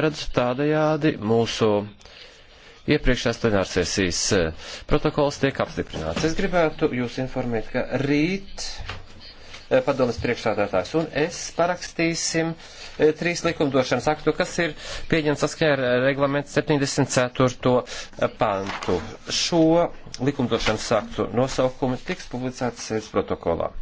redz tādējādi mūsu iepriekšējās plenārsēsijas eh, protokols tiek apstiprināts. Es gribētu jūs informēt, ka rīt eh, padomas priekšsādātājs un es parakstīsim eh, trīs likumdošanas aktu, kas ir pieņemts saskaņā ar reglamentu 74. pantu. Šo likumdošanas aktu nosaukumi tiks publicēts sēdes protokolā.